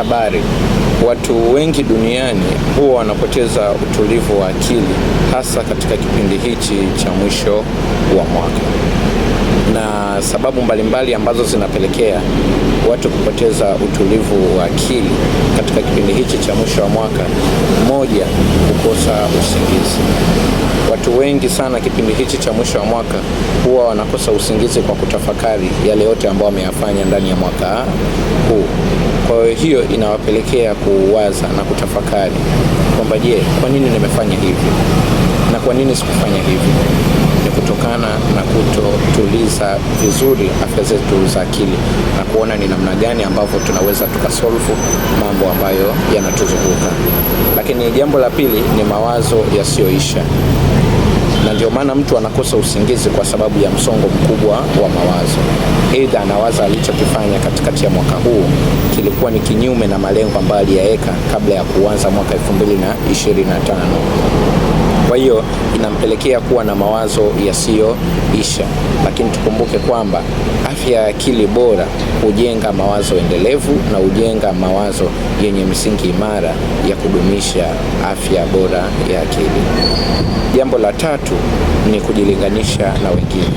habari. Watu wengi duniani huwa wanapoteza utulivu wa akili hasa katika kipindi hichi cha mwisho wa mwaka na sababu mbalimbali mbali ambazo zinapelekea watu kupoteza utulivu wa akili katika kipindi hichi cha mwisho wa mwaka. Moja, kukosa usingizi. Watu wengi sana kipindi hichi cha mwisho wa mwaka huwa wanakosa usingizi kwa kutafakari yale yote ambao wameyafanya ndani ya mwaka huu. Kwa hiyo inawapelekea kuwaza na kutafakari kwamba je, kwa nini nimefanya hivi na kwa nini sikufanya hivi kutokana na kutotuliza vizuri afya zetu za akili na kuona ni namna gani ambavyo tunaweza tukasolve mambo ambayo yanatuzunguka. Lakini jambo la pili ni mawazo yasiyoisha, na ndio maana mtu anakosa usingizi kwa sababu ya msongo mkubwa wa mawazo. Aidha, anawaza alichokifanya katikati ya mwaka huu kilikuwa ni kinyume na malengo ambayo aliyaweka kabla ya kuanza mwaka 2025 hiyo inampelekea kuwa na mawazo yasiyoisha. Lakini tukumbuke kwamba afya ya akili bora hujenga mawazo endelevu na hujenga mawazo yenye misingi imara ya kudumisha afya bora ya akili. Jambo la tatu ni kujilinganisha na wengine.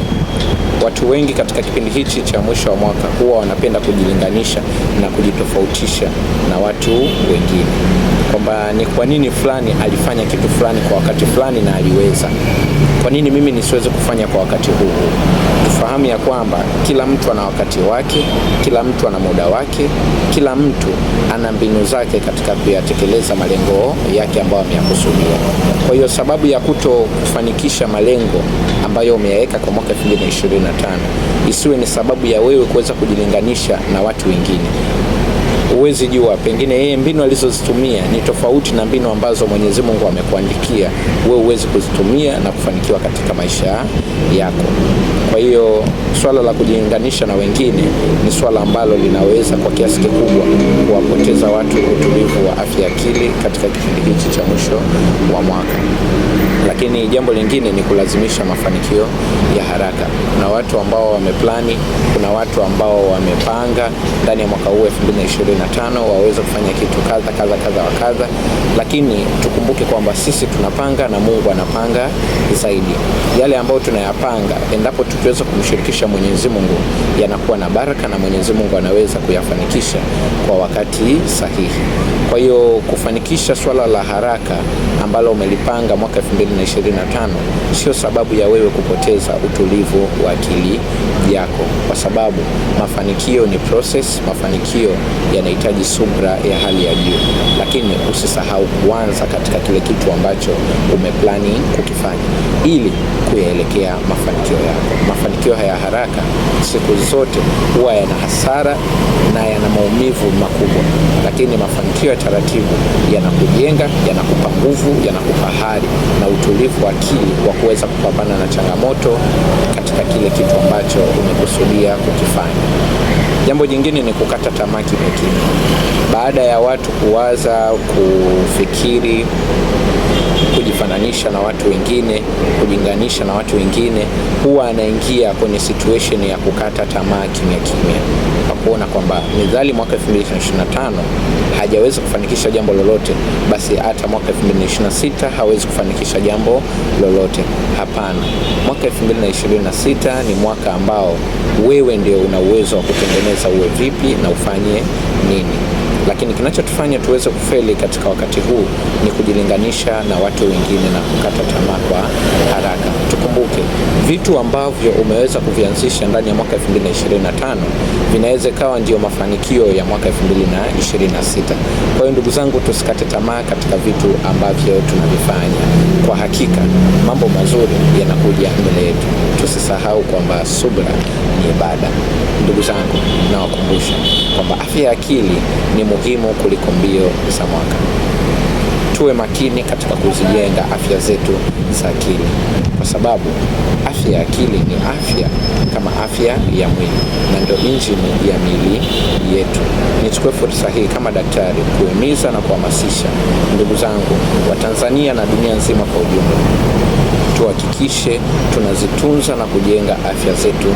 Watu wengi katika kipindi hichi cha mwisho wa mwaka huwa wanapenda kujilinganisha na kujitofautisha na watu wengine kwamba ni kwa nini fulani alifanya kitu fulani kwa wakati fulani na aliweza, kwa nini mimi nisiweze kufanya kwa wakati huu? Tufahamu ya kwamba kila mtu ana wakati wake, kila mtu ana muda wake, kila mtu ana mbinu zake katika kuyatekeleza malengo yake ambayo ameyakusudia. Kwa hiyo sababu ya kuto kufanikisha malengo ambayo umeyaweka kwa mwaka 2025 isiwe ni sababu ya wewe kuweza kujilinganisha na watu wengine huwezi jua, pengine yeye mbinu alizozitumia ni tofauti na mbinu ambazo Mwenyezi Mungu amekuandikia wewe huwezi kuzitumia na kufanikiwa katika maisha yako. Kwa hiyo swala la kujilinganisha na wengine ni swala ambalo linaweza kwa kiasi kikubwa kuwapoteza watu utulivu wa afya akili katika kipindi hichi cha mwisho wa mwaka lakini jambo lingine ni kulazimisha mafanikio ya haraka. Kuna watu ambao wameplani, kuna watu ambao wamepanga ndani ya mwaka huu 2025 waweze kufanya kitu kadha kadha kadha wa kadha, lakini tukumbuke kwamba sisi tunapanga na Mungu anapanga zaidi. Yale ambayo tunayapanga, endapo tukiweza kumshirikisha Mwenyezi Mungu, yanakuwa na baraka na Mwenyezi Mungu anaweza kuyafanikisha kwa wakati sahihi. Kwa hiyo kufanikisha swala la haraka ambalo umelipanga mwaka 2025 sio sababu ya wewe kupoteza utulivu wa akili yako, kwa sababu mafanikio ni process. Mafanikio yanahitaji subra ya hali ya juu, lakini usisahau kuanza katika kile kitu ambacho umeplani kukifanya ili kuyaelekea mafanikio yako. Mafanikio haya haraka siku zote huwa yana hasara na yana maumivu makubwa, lakini mafanikio ya taratibu yanakujenga, yanakupa nguvu, yanakupa hari na utulivu wa akili wa kuweza kupambana na changamoto katika kile kitu ambacho umekusudia kukifanya. Jambo jingine ni kukata tamaa kimya kimya, baada ya watu kuwaza, kufikiri kujifananisha na watu wengine, kujilinganisha na watu wengine, huwa anaingia kwenye situation ya kukata tamaa kimya kimya, kwa kuona kwamba midhali mwaka 2025 hajaweza kufanikisha jambo lolote, basi hata mwaka 2026 hawezi kufanikisha jambo lolote. Hapana, mwaka 2026 ni mwaka ambao wewe ndio una uwezo wa kutengeneza uwe vipi na ufanye nini lakini kinachotufanya tuweze kufeli katika wakati huu ni kujilinganisha na watu wengine na kukata tamaa kwa haraka. Tukumbuke vitu ambavyo umeweza kuvianzisha ndani ya mwaka 2025 vinaweza ikawa ndio mafanikio ya mwaka 2026. Kwa hiyo ndugu zangu, tusikate tamaa katika vitu ambavyo tunavifanya. Kwa hakika mambo mazuri yanakuja mbele yetu. Tusisahau kwamba subra ni ibada. Ndugu zangu, nawakumbusha kwamba afya ya akili ni muhimu kuliko mbio za mwaka. Tuwe makini katika kuzijenga afya zetu za akili, kwa sababu afya ya akili ni afya kama afya ya mwili na ndio injini ya miili yetu. Nichukue fursa hii kama daktari kuhimiza na kuhamasisha ndugu zangu wa Tanzania na dunia nzima kwa ujumla tuhakikishe tunazitunza na kujenga afya zetu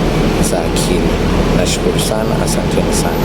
za akili. Nashukuru sana, asanteni sana.